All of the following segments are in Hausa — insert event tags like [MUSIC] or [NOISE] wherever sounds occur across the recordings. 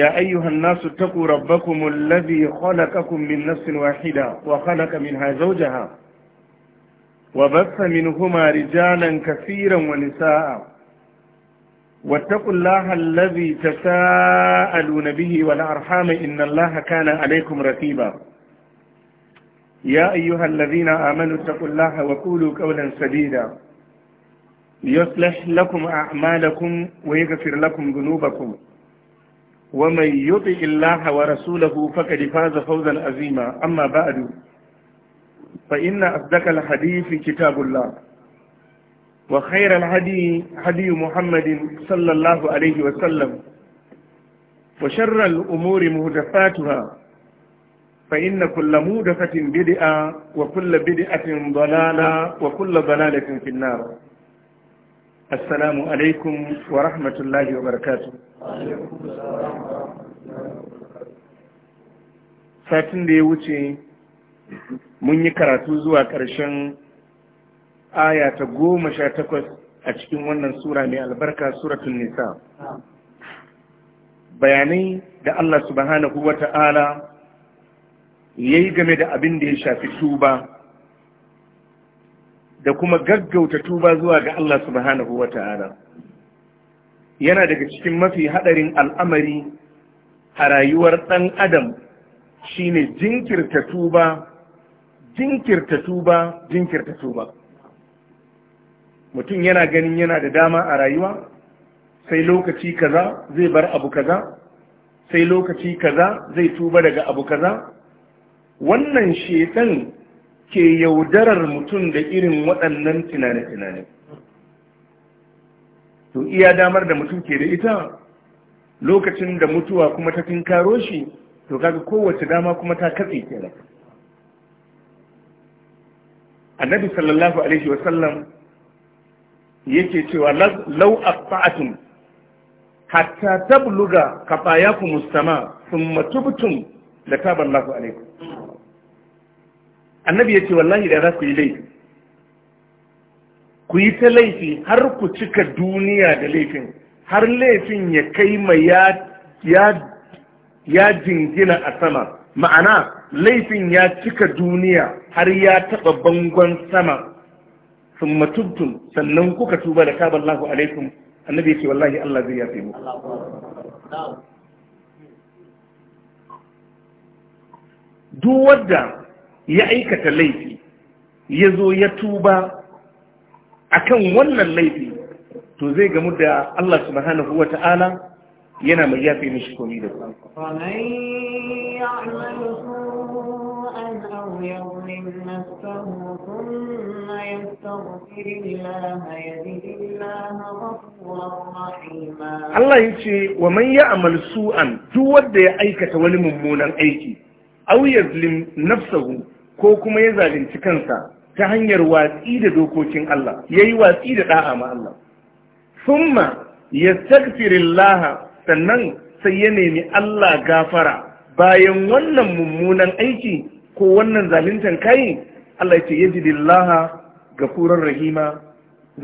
يا أيها الناس اتقوا ربكم الذي خلقكم من نفس واحدة وخلق منها زوجها وبث منهما رجالا كثيرا ونساء واتقوا الله الذي تساءلون به والأرحام إن الله كان عليكم رقيبا يا أيها الذين آمنوا اتقوا الله وقولوا قولا سديدا يصلح لكم أعمالكم ويغفر لكم ذنوبكم ومن يطع الله ورسوله فقد فاز فوزا عظيما أما بعد فإن أصدق الحديث كتاب الله وخير الهدي هدي محمد صلى الله عليه وسلم وشر الأمور محدثاتها فإن كل محدثه بدئة وكل بدئة ضلالة وكل ضلالة في النار assalamu alaikum wa rahmatullahi wa barakatu satin da ya wuce mun yi karatu zuwa ƙarshen aya ta goma sha takwas a cikin wannan sura mai albarka suratun nisa bayanai da Allah subhanahu wa ta'ala ya yi game da abin da ya shafi tuba da kuma gaggauta tuba zuwa ga Allah subhanahu wa ta'ala yana daga cikin mafi haɗarin al'amari a rayuwar ɗan adam shine jinkirta tuba jinkirta tuba jinkirta tuba mutum yana ganin yana da dama a rayuwa sai lokaci kaza zai bar abu kaza sai lokaci kaza zai tuba daga abu kaza wannan shetan ke yaudarar mutum da irin waɗannan tunane-tunane to iya damar da mutum ke da ita lokacin da mutuwa kuma ta tinkaro shi to kaga kowace dama kuma ta katse da annabi sallallahu alaihi wasallam yake cewa law aqta'tum hatta tabluga kafayakum mustama thumma tubtum la taballahu alaikum annabi ya ce wallahi da za ku yi laifi ku yi ta laifi har ku cika duniya da laifin har laifin ya kai ma ya jingina a sama ma'ana laifin ya cika duniya har ya taɓa bangon sama sun matubtun sannan kuka tuba da kaban lahu alaikun annabi ya ce wallahi Allah zai fi muku duk wadda ya aikata laifi ya zo ya tuba a kan wannan laifi to zai gamu da Allah su mahanahu wa ta'ala yana mai yafe mishi komi da Allah ya ce wa man yi amal su'an duk wadda ya aikata wani mummunan aiki au nafsahu ko kuma ya zalunci kansa ta hanyar watsi da dokokin Allah ya yi watsi da ɗa'a ma Allah summa ya laha sannan sai ya nemi Allah gafara bayan wannan mummunan aiki ko wannan zaluntan kai Allah ya ce ga furar rahima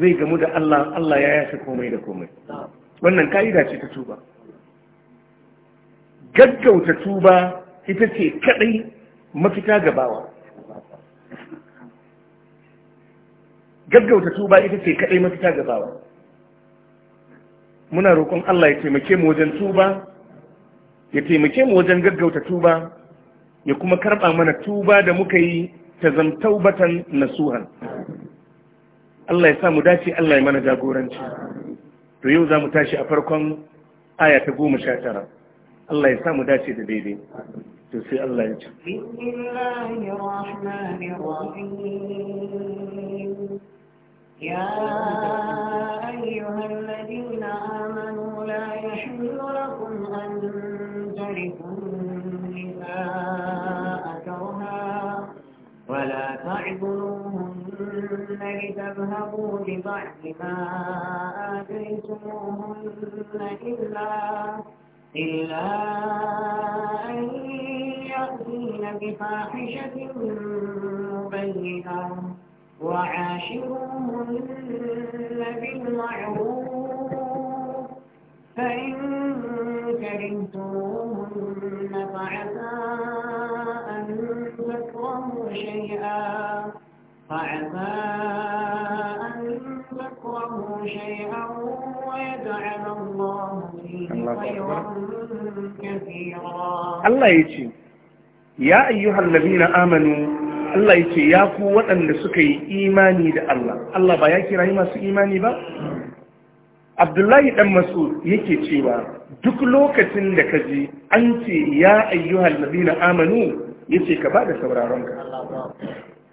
zai gamu da Allah Allah ya yashe komai da komai wannan ka'ida ce ta tuba gaggauta tuba ita ce kaɗai mafita gabawa gaggauta tuba ita ce kaɗai mafita ga bawa muna roƙon Allah ya taimake mu wajen tuba ya taimake mu wajen gaggauta tuba ya kuma karɓa mana tuba da muka yi ta batan nasuhan Allah ya sa mu dace Allah ya mana jagoranci to yau za mu tashi a farkon aya ta goma sha tara Allah ya sa mu dace da daidai to sai Allah ya ci. يا أيها الذين آمنوا لا يحل لكم أن ترثوا النساء كرها ولا تعذروهن لتذهبوا ببعض ما آتيتموهن إلا إلا أن يأتين بفاحشة مبينة وعاشروهن بالمعروف فإن كرهتموهن فعسى أن تكرهوا شيئا فعسى أن تكرهوا شيئا ويجعل الله فيه خيرا كثيرا الله يجي يا أيها الذين آمنوا Allah ya ya ku waɗanda suka yi imani da Allah Allah ba ya kira masu imani ba Abdullahi ɗan Mas'ud yake cewa duk lokacin da ka ji an ce ya ayyuhal ladina amanu yace ka bada sauraron ka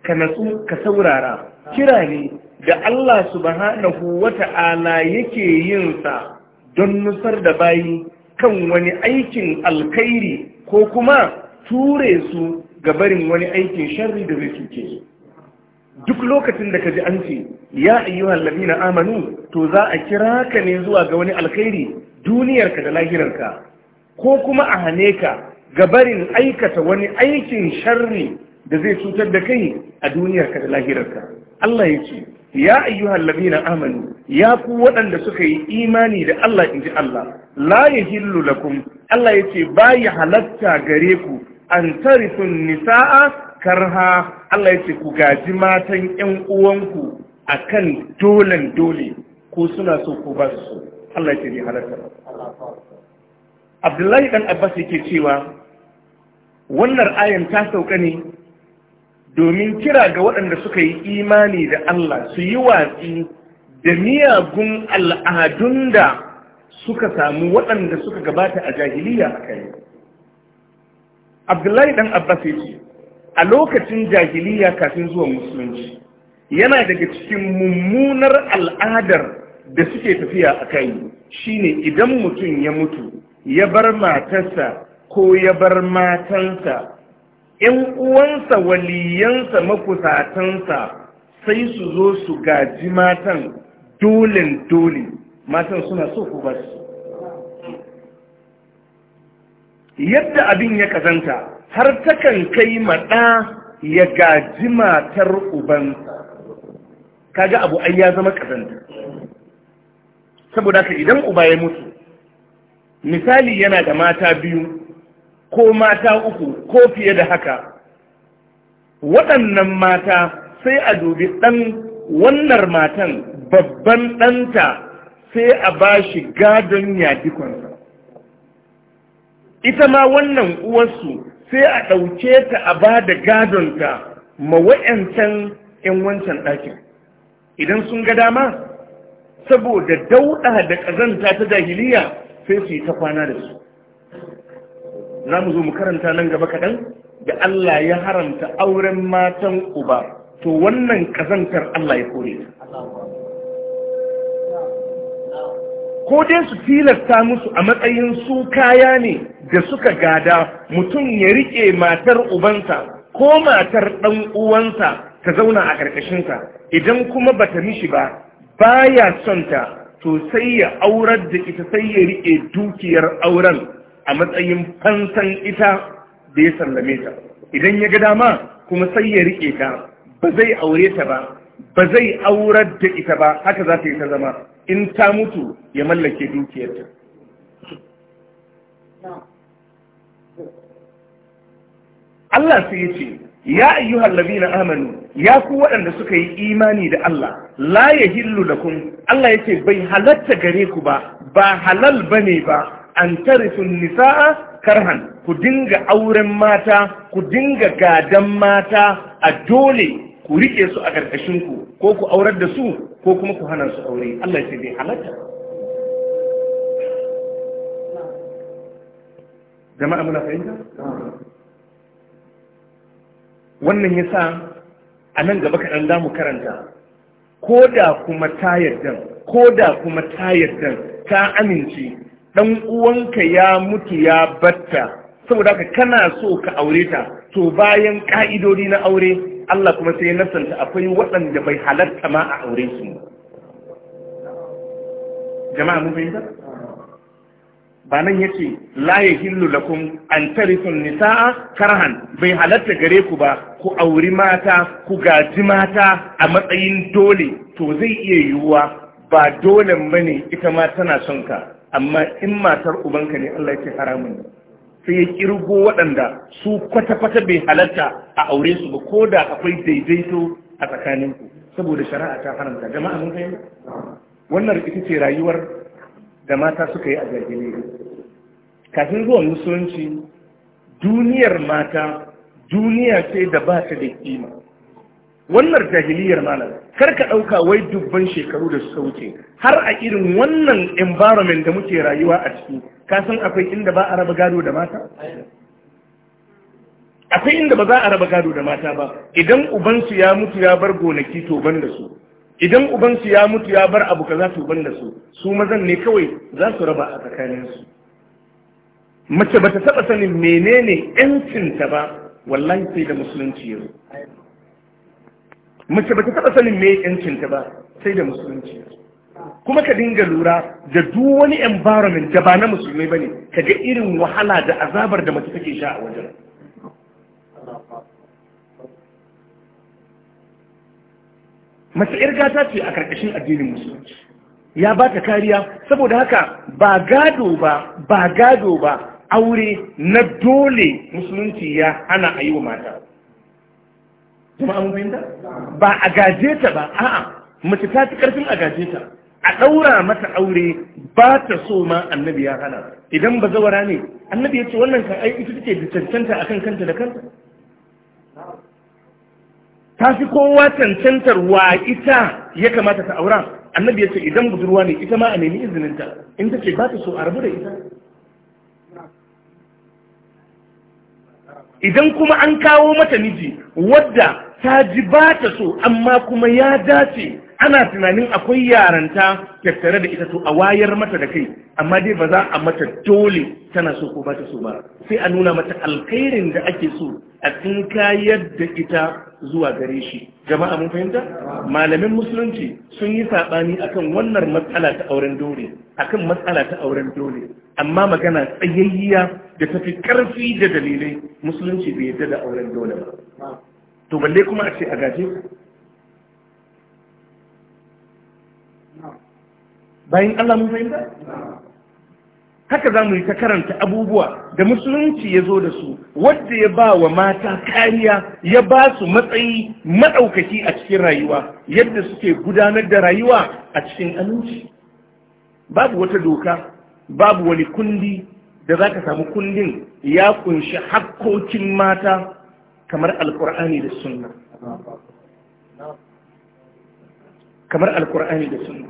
ka natsu ka saurara kira ne da Allah subhanahu ala yake yin sa don nusar da bayi kan wani aikin alkhairi ko kuma ture su ga barin wani aikin sharri da zai cuce duk lokacin da ka ji an ce ya ayyuhal ladina amanu to za a kira ka ne zuwa ga wani alkhairi duniyarka da lahirarka ko kuma a hane ka ga barin aikata wani aikin sharri da zai cutar da kai a duniyarka da lahirarka Allah ya ce ya ayyuhal ladina amanu ya ku waɗanda suka yi imani da Allah inji Allah la yahillu lakum Allah ya ce ba ya halatta gare ku an tarifin nisa'a karha Allah ya ce ku gaji matan ƴan uwanku akan dolen dole ko suna so ko ba su so Allah ya ce ni halatta Abdullahi dan Abbas yake cewa wannan ayan ta sauka ne domin kira ga waɗanda suka yi imani da Allah su yi watsi da miyagun al'adun da suka samu waɗanda suka gabata a jahiliya a kai. abdullahi ɗan abbas yake a lokacin jahiliya kafin zuwa musulunci yana daga cikin mummunar al'adar da suke tafiya a kai shine idan mutum ya mutu ya bar matarsa ko ya bar matansa ‘yan uwansa waliyansa makusatansa sai su zo su gaji matan dolin dole matan suna so ku ba su yadda abin ya kazanta har takan kai maɗa ya gaji matar ubansa kaga abu ai ya zama kazanta saboda ka idan uba ya mutu misali yana da mata biyu ko mata uku ko fiye da haka waɗannan mata sai a dubi ɗan wannan matan babban ɗanta sai a ba shi gadon yadikon ita ma wannan uwarsu sai a ɗauke ta a ba da gadonta ma wa'yancan 'yan wancan ɗakin idan sun ga dama saboda dauɗa da ƙazanta ta jahiliya sai su yi ta kwana da su za mu zo mu karanta nan gaba kaɗan da Allah ya haramta auren matan uba to wannan ƙazantar Allah ya kore ko dai su tilasta musu a matsayin su kaya ne da suka gada mutum ya rike matar ubansa ko matar ɗan uwansa ta zauna a ƙarƙashinsa idan kuma ba ta mishi ba baya son ta to sai ya aurar da ita sai ya rike dukiyar auren a matsayin fansan ita da ya sallame ta idan ya ga dama kuma sai ya rike ta ba zai aure ta ba ba zai aurar da ita ba haka za ta yi ta zama in ta mutu ya mallake dukiyarta Allah sai ya ce ya na na amanu ya ku waɗanda suka yi imani da Allah la ya da kun? Allah ya ce bai halatta gare ku ba ba halal bane ba an tarifun nisa'a karhan ku dinga auren mata ku dinga gadan mata a dole ku rike su a ƙarƙashin ku ko ku aurar da su ko kuma ku hana su aure Allah ya ce bai halatta jama'a muna fahimta wannan yasa a nan gaba kaɗan za mu karanta ko da kuma ta yarda ko da kuma ta yarda ta amince dan uwanka ya mutu ya batta saboda haka kana so ka aure ta to bayan ka'idodi na aure Allah kuma sai ya nasanta akwai waɗanda bai halarta ma a aure su jama'a mun fahimta ba nan yace laye hillu lakum an tarisu nisaa karhan bai halarta gare ku ba ku auri mata ku gaji mata a matsayin dole to zai iya yiwuwa ba dole bane ita ma tana son ka amma in matar ubanka ne Allah ya ce haramun ne sai ya kirgo waɗanda su kwata-kwata bai halatta a aure su ba ko da akwai daidaito a tsakaninku saboda shari'a ta haramta jama'a mun fahimta wannan ita ce rayuwar da mata suka yi a jahiliya kafin zuwa musulunci duniyar mata duniya ce da ba ta da kima wannan jahiliyar malam kar ka ɗauka wai dubban shekaru da suka wuce har a irin wannan environment da muke rayuwa a ciki ka san akwai inda ba a raba gado da mata akwai inda ba za a raba gado da mata ba idan ubansu ya mutu ya bar gonaki to ban da su idan ubansu ya mutu ya bar abu kaza to ban da su su mazan ne kawai za su raba a tsakaninsu mace bata taɓa sanin menene 'yancinta ba wallahi sai da musulunci yau? mace ba ta taɓa sanin me yankinta ba sai da musulunci kuma ka dinga lura da duk wani environment da ba na musulmi ba ne ka ga irin wahala da azabar da mace take sha a wajen mace yar gata ce a karkashin addinin musulunci ya ba ta kariya saboda haka ba gado ba ba gado ba aure na dole musulunci ya hana a yi wa mata jama'a mun fahimta ba a gaje ta ba a'a mace ta fi karfin a gaje ta a ɗaura mata aure ba ta so ma annabi ya hana idan ba zawara ne annabi ya ce wannan kan ai ita take da cancanta akan kanta da kanta ta fi kowa cancantar wa ita ya kamata ta aura annabi ya ce idan budurwa ne ita ma a nemi izininta in ta ce ba ta so a rabu da ita idan kuma an kawo mata miji wadda ta ji ba ta so amma kuma ya dace ana tunanin akwai yaranta tattare da ita to a wayar mata da kai amma dai ba za a mata dole tana so ko ba ta so ba sai a nuna mata alkhairin da ake so a kayar da ita zuwa gare shi jama'a mun fahimta malamin musulunci sun yi saɓani akan wannan matsala ta auren dole akan matsala ta auren dole amma magana tsayayya da tafi karfi da dalilai musulunci bai yadda da auren dole ba to balle kuma a ce a gaje ku bayan Allah mun fahimta haka za mu yi ta karanta abubuwa da musulunci ya zo da su wadda ya ba wa mata kariya ya ba su matsayi maɗaukaki a cikin rayuwa yadda suke gudanar da rayuwa a cikin aminci babu wata doka babu wani kundi da za ka samu kundin ya kunshi hakkokin mata kamar alkur'ani da sunna kamar alkur'ani da sunna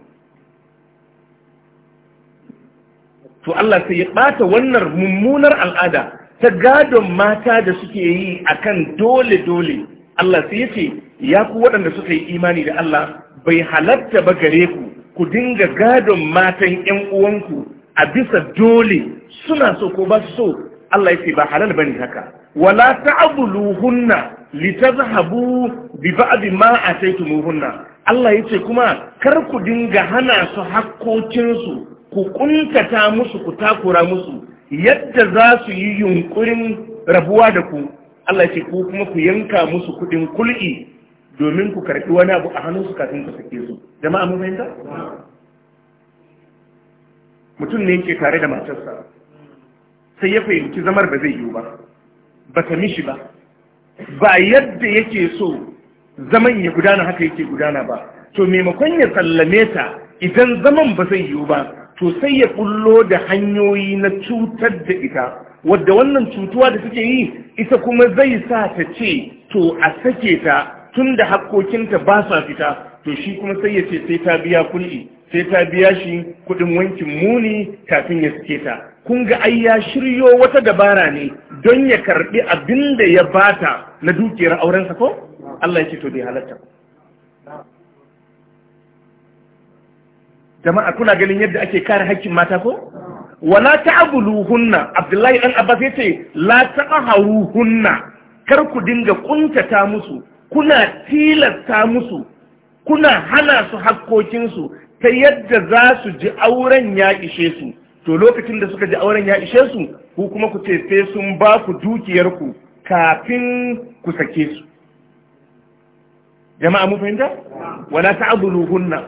to Allah sai ya ɓata wannan mummunar al'ada ta gadon mata da suke yi akan dole-dole Allah sai ya ya ku waɗanda suka yi imani da Allah bai halatta ba gare ku ku dinga gadon matan 'yan uwanku a bisa dole suna so ko ba su so Allah ya ce ba halal bane haka wala ta ta'dhuluhunna litazhabu Habu, ba'd ma ataytumuhunna Allah yace kuma kar ku dinga hana su hakkokinsu ku ƙunkata musu ku takura musu yadda za su yi yunkurin rabuwa da ku Allah yace ku kuma ku yanka musu kudin kul'i domin ku karbi wani abu a hannunsu kafin ku sake su jama'a mun fahimta mutum ne yake tare da matarsa sai ya fahimci zamar ba zai yiwu ba ba ta mishi ba ba yadda yake so zaman ya gudana haka yake gudana ba to maimakon ya sallame ta idan zaman ba zai yiwu ba to sai ya kullo da hanyoyi na cutar da ita wadda wannan cutuwa da suke yi ita kuma zai sa ta ce to a sake ta tun da hakkokinta ba sa fita to shi kuma sai ya ce sai ta biya kulli sai ta biya shi kuɗin wankin muni kafin ya sake ta kun ga ai ya shiryo wata dabara ne don ya karbi abin da ya bata na dukiyar aurensa ko Allah ya ce to bai halatta jama'a kuna ganin yadda ake kare haƙƙin mata ko wala ta'buluhunna Abdullahi dan Abbas yace la ta'haruhunna kar ku dinga kuntata musu kuna tilasta musu kuna hana su hakkokinsu ta yadda za su ji auren ya ishe su to lokacin da suka ji auren ya ishe su ku kuma ku ce sun ba ku dukiyarku kafin ku sake su jama'a mu fahimta wala ta'dhuluhunna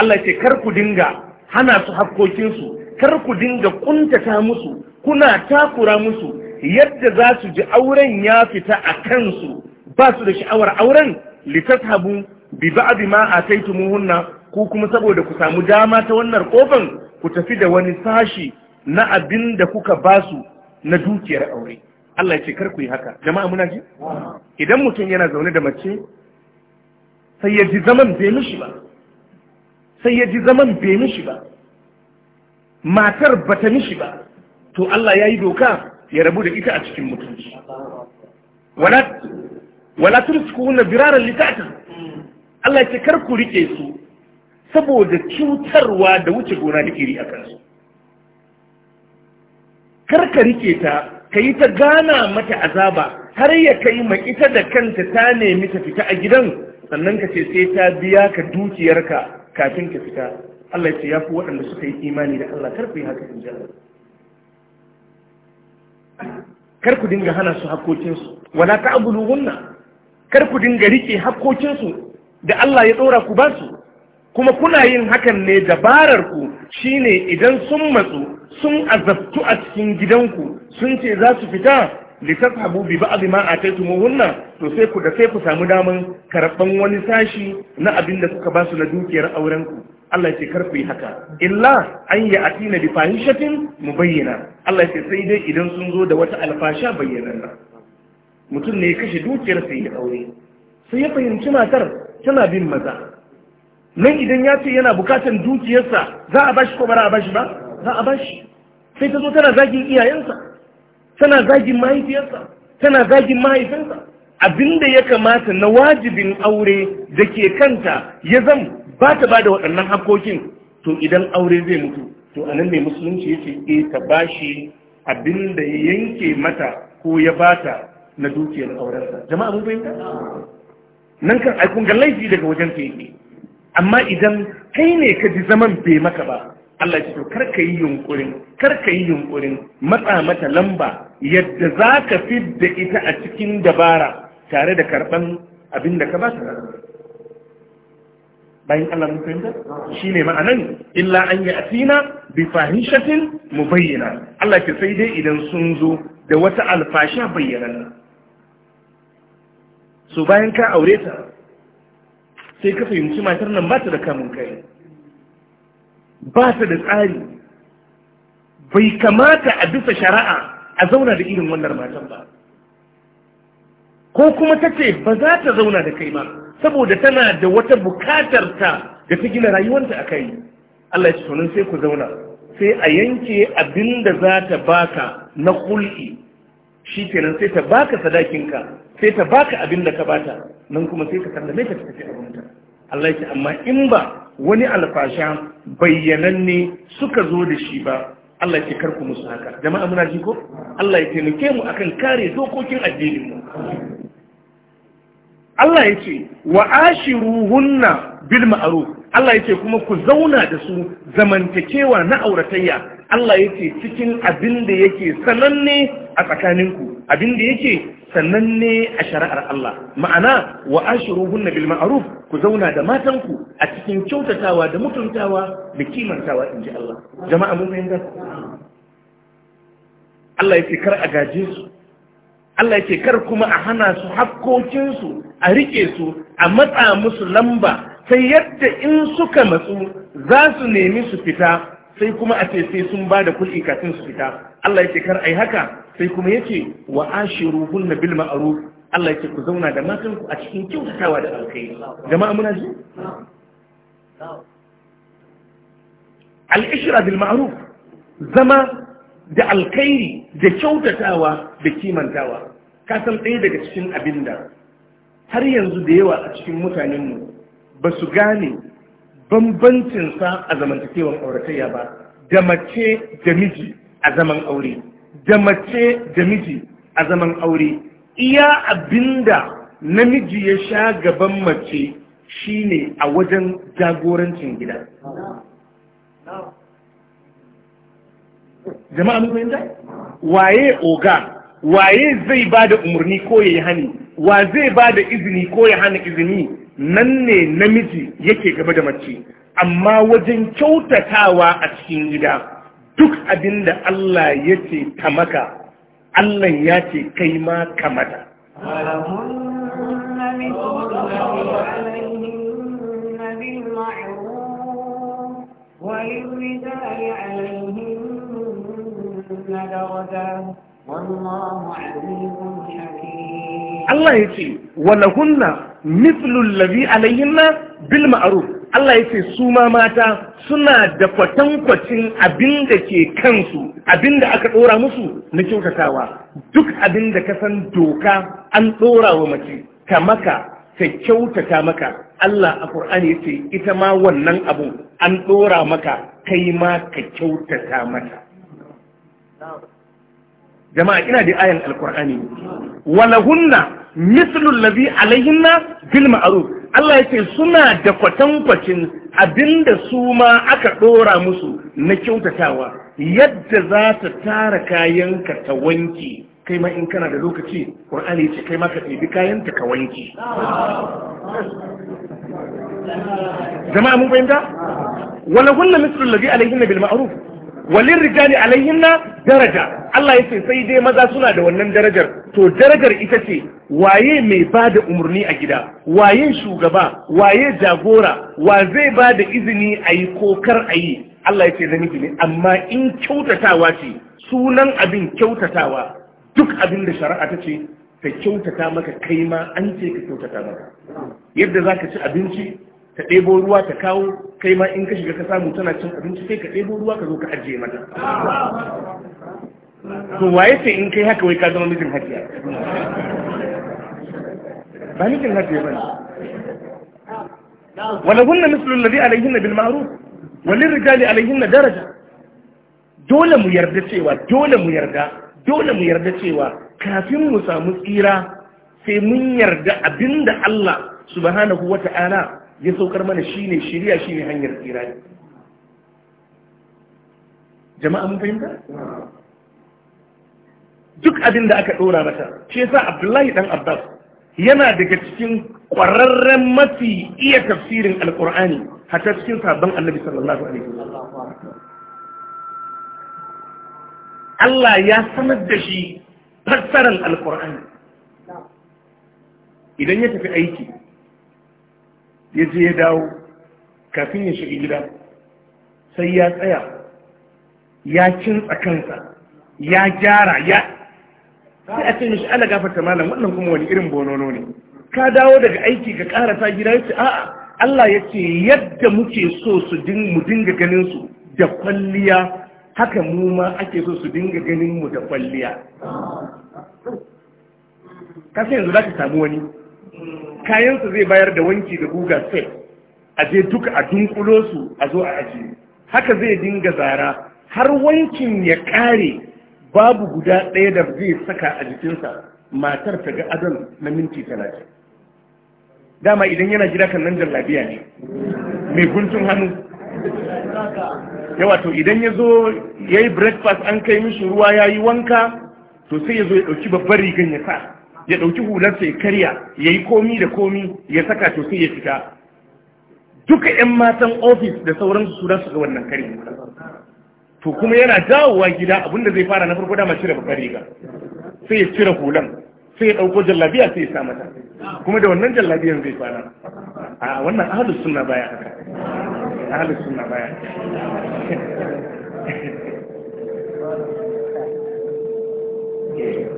Allah ce kar ku dinga hana su hakkokin su kar ku dinga kuntata musu kuna takura musu yadda za su ji auren ya fita a kansu ba su da sha'awar auren litashabu bi ba'd ma ataytumuhunna ku kuma saboda ku samu dama ta wannan kofan ku tafi da wani sashi na abin da kuka basu na dukiyar aure Allah ya ce kar ku yi haka jama'a muna ji idan mutum yana zaune da mace sai ya ji zaman bai mishi ba sai ya ji zaman bai mishi ba matar bata mishi ba to Allah ya yi doka ya rabu da ita a cikin mutunci wala su kuna biraran litata Allah ya ce kar ku rike su saboda cutarwa da wuce gona da iri a kansu karka rike ta ka yi ta gana mata azaba har ya kai ma ita da kanta ta nemi ta fita a gidan sannan ka ce sai ta biya ka dukiyarka kafin ka fita Allah ya ce ya fi waɗanda suka yi imani da Allah karfi yi haka in ji kar ku dinga hana su hakkokinsu wala ta abulu hunna kar ku dinga rike hakkokinsu da Allah ya ɗora ku ba su kuma kuna yin hakan ne dabarar ku shine idan sun matsu sun azabtu a cikin gidanku sun ce za su fita litashabu bi ba'd ma ataytumuhunna to sai ku da sai ku samu daman karban wani sashi na abin da kuka ba su na dukiyar auren ku Allah ce kar haka illa an yi atina bi mu bayyana. Allah ce sai dai idan sun zo da wata alfasha bayyananna mutum ne ya kashe dukiyar sai ya aure sai ya fahimci matar tana bin maza nan idan ya ce yana bukatan dukiyarsa za a bashi ko ba a bashi ba za a bashi sai ta zo tana zagin iyayensa tana zagin mahaifiyarsa tana zagin mahaifinsa abin da ya kamata na wajibin aure da ke kanta ya zan ba ta ba da waɗannan hakokin to idan aure zai mutu to a nan ne musulunci yake e eh, ta bashi abinda ya yanke mata ko ya ba ta na dukiyar aurensa jama'a mun fahimta nan kan aikun ga laifi daga wajen ta yake amma idan kai ne ka ji zaman bai maka ba Allah ce to kar ka yi yunkurin kar ka yi yunkurin matsa mata lamba yadda za ka fidda ita a cikin dabara tare da karɓan abin da ka ba ta bayan Allah mun fahimta ne ma'anan illa an yi asina bi mu bayyana. Allah ce sai dai idan sun zo da wata alfasha bayyana so bayan ka aure ta sai ka fahimci matar nan ba ta da kamun kai ba ta da tsari bai kamata a bisa shari'a a zauna da irin wannan matan ba ko kuma ta ce ba za ta zauna da kai ba saboda tana da wata bukatar ta da ta gina rayuwanta a kai Allah ya ce sai ku zauna sai a yanke abin da za ta baka na kul'i shi kenan sai ta baka sadakinka sai ta baka abin da ka bata nan kuma sai ka sallame ta tafi abinta Allah yake amma in ba wani alfasha ne suka zo da shi ba Allah yake karku musu haka jama'a muna ji ko Allah ya nuke mu akan kare dokokin addinin mu Allah ya ce wa ashiruhunna bil ma'ruf Allah ya kuma ku zauna da su zamantakewa na auratayya Allah yake cikin abin da yake sananne a tsakaninku abin da yake sananne a shari'ar Allah ma'ana wa ashiruhunna bil ma'ruf ku zauna da matanku a cikin kyautatawa da mutuntawa da kimantawa inji Allah jama'a mun fahimta Allah yake kar a gaje su Allah yake kar kuma a hana su hakkokinsu a riƙe su a matsa musu lamba sai yadda in suka matsu za su nemi su fita sai kuma a ce sai sun ba da kul'i kafin su fita Allah yake kar ai haka sai kuma yake wa hunna bil ma'ruf Allah yake ku zauna da matan ku a cikin kyautatawa da alkai jama'a muna ji al-ishra bil ma'ruf zama da alkhairi, da kyautatawa da kimantawa ka san ɗaya daga cikin abinda har yanzu da yawa a cikin mutanenmu ba su gane bambancinsa a zamantakewar auratayya ba da mace da miji a zaman aure da mace da miji a zaman aure iya abinda namiji ya sha gaban mace shine a wajen jagorancin gida jama'a mun fahimta waye oga waye zai bada da umarni ko ya yi hani wa zai ba da izini ko ya hana izini nan ne namiji yake gaba da mace amma wajen kyautatawa a cikin gida duk abin da Allah ya ce ta maka Allah ya ce kai ma kamata. Allah ya ce, mislul ladhi alayhinna bil ma'aruf Allah ya ce su ma mata suna da kwatankwacin abin da ke kansu abin da aka ɗora musu na kyautatawa duk abin da ka san doka an ɗora wa mace ka maka ta kyautata maka Allah a Qur'ani ya ce ita ma wannan abu an ɗora maka kai ma ka kyautata mata jama'a ina da ayan alkur'ani walahunna mislul ladhi alayhinna bil ma'ruf Allah yake suna da kwatankwacin abinda su ma aka ɗora musu na kyautatawa yadda za ta tara kayanka ta wanki kai ma in kana da lokaci Qur'ani ce kai ma ka ɗebi kayanta ka wanki jama'a mun fahimta wala kullu mislul ladhi alayhinna bil ma'ruf walin rijali alayhinna daraja Allah ya ce sai dai maza suna da wannan darajar to darajar ita ce waye mai ba da umarni a gida waye shugaba waye jagora wa zai ba da izini a yi kokar a yi Allah ya ce namiji ne amma in kyautatawa ce sunan abin kyautatawa duk abin da shari'a ta ce ka kyautata maka kai ma an ce ka kyautata maka yadda za ka ci abinci Ka ɗebo ruwa ta kawo kai ma in ka shiga ka samu tana cin abinci sai ka ɗebo ruwa ka zo ka ajiye mata to waye sai in kai haka wai ka zama mijin hajiya ba mijin hajiya ba ne wala hunna mislu alladhi alayhinna bil ma'ruf walil rijali alayhinna daraja dole mu yarda cewa dole mu yarda dole mu yarda cewa kafin mu samu tsira sai mun yarda abinda Allah subhanahu wata'ala ya saukar mana shine shiriya shine hanyar tsira ne jama'a mun fahimta duk abin da aka dora mata shi sa Abdullahi dan Abbas yana daga cikin kwararren mafi iya tafsirin alkur'ani hatta cikin sabon annabi sallallahu alaihi wasallam Allah ya sanar da shi fassarar alkur'ani idan ya tafi aiki ya je ya dawo kafin ya shiga gida sai ya tsaya ya kintsa kansa ya gyara ya sai a ce mishi ala gafarta malam wannan kuma wani irin bonono ne ka dawo daga aiki ka karasa gida ya ce a'a Allah ya ce yadda muke so su mu dinga ganin su da kwalliya haka mu ma ake so su dinga ganin mu da kwalliya ka sai yanzu za ka samu wani kayansa zai bayar da wanki da guga sai a je duka a dunkulo su a zo a ajiye haka zai dinga zara har wankin ya kare babu guda ɗaya da zai saka a jikinsa matar ta ga adon na minti talatin dama idan yana gida kan nan jallabiya ne mai guntun hannu yawa to idan ya zo ya yi breakfast an kai mishi ruwa ya yi wanka to sai ya zo ya ɗauki babbar rigan ya sa ya ɗauki hularsa ya karya ya yi komi da komi ya saka to sai ya fita duka 'yan matan ofis da sauransu su su ga wannan kare to kuma yana dawowa gida abinda zai fara na farko dama cire bakar riga sai ya cire hulan sai ya ɗauko jallabiya sai ya sa mata kuma da wannan jallabiyan zai fara a wannan ahalus suna baya haka ahalus baya haka [LAUGHS]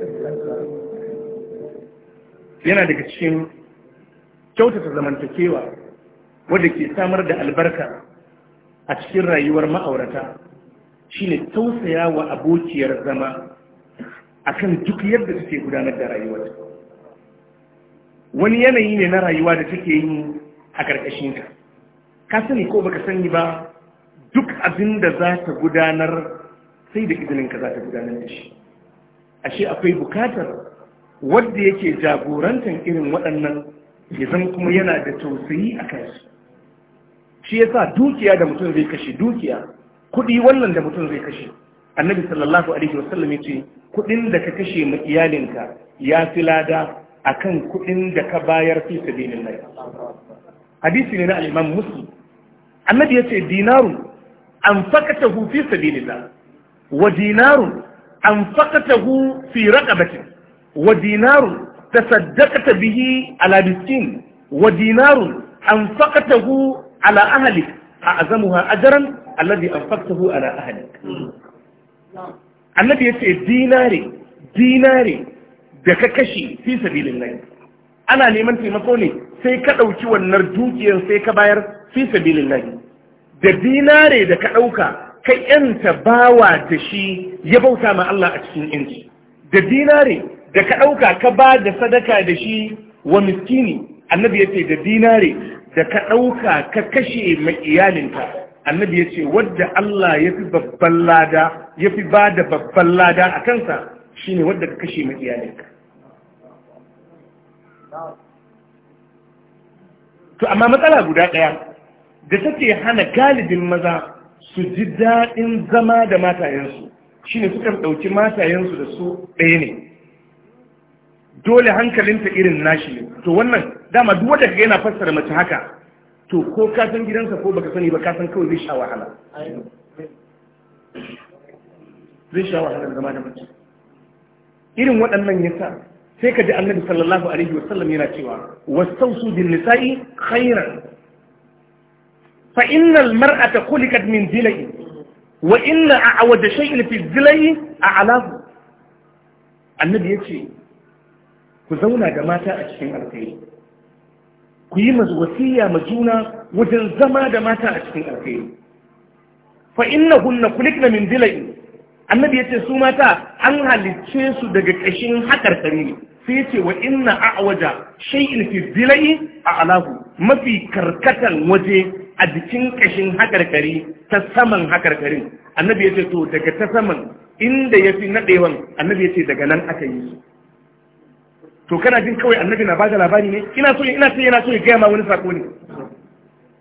yana daga cikin kyautata zamantakewa wadda ke samar da albarka a cikin rayuwar ma'aurata shine tausaya wa abokiyar zama akan duk yadda suke gudanar da rayuwar wani yanayi ne na rayuwa da take yi a ƙarƙashinka ka sani ko baka sani ba duk abin da za ta gudanar sai da izininka za ta gudanar da shi ashe akwai bukatar wadda yake jagorantar irin waɗannan ya kuma yana da tausayi a kansu shi ya sa dukiya da mutum zai kashe dukiya kuɗi wannan da mutum zai kashe annabi sallallahu alaihi wasallam ya ce kuɗin da ka kashe ma iyalinka ya fi lada a kan kuɗin da ka bayar fi sabinin nai hadisi ne na aliman musu, annabi ya ce dinaru an fakatahu fi sabinin nai wa dinaru an fakatahu fi raƙabatin wa dinarun tasaddaqta biskin wadinaru miskin wa dinarun anfaqtahu ala ahlik a'zamuha ajran alladhi anfaqtahu ala ahlik annabi yace dinare dinare da ka kashe fi sabilillah ana neman taimako ne sai ka ɗauki wannan dukiyar sai ka bayar fi sabilillah da dinare da ka ɗauka ka yanta bawa da shi ya bauta ma Allah a cikin yanci da dinare da ka ɗauka ka ba da sadaka da shi wa miskini annabi ya ce da dinare da ka ɗauka ka kashe mai iyalinka annabi ya ce wadda Allah ya fi babban lada ya fi ba da babban lada a kansa shi ne wadda ka kashe mai iyalinka to amma matsala guda ɗaya da take hana galibin maza su ji daɗin zama da matayensu shine sukan ɗauki matayensu da su ɗaya ne dole hankalinta irin nashi ne to wannan dama duk wanda kaga yana fassara mace haka to ko ka san gidansa ko baka sani ba ka san kawai zai sha wahala zai sha wahala zama da mace irin waɗannan yasa sai ka ji annabi sallallahu alaihi wa sallam yana cewa wastausu bin nisa'i khairan fa innal mar'ata khuliqat min zilai wa inna a'wada shay'in fi zilai a'lafu annabi yace ku zauna da mata a cikin alkhairi ku yi wasiya ma juna wajen zama da mata a cikin alkhairi fa innahunna kulikna min dilai annabi yace su mata an halicce su daga kashin hakar ne sai yace wa inna a'waja shay'in fi dilai a alahu mafi karkatan waje a jikin kashin hakarkari ta saman hakarkarin annabi yace to daga ta saman inda yafi nadewan annabi yace daga nan aka yi su to kana jin kawai annabi na bada labari ne ina so ina so yana so ya gaya ma wani sako ne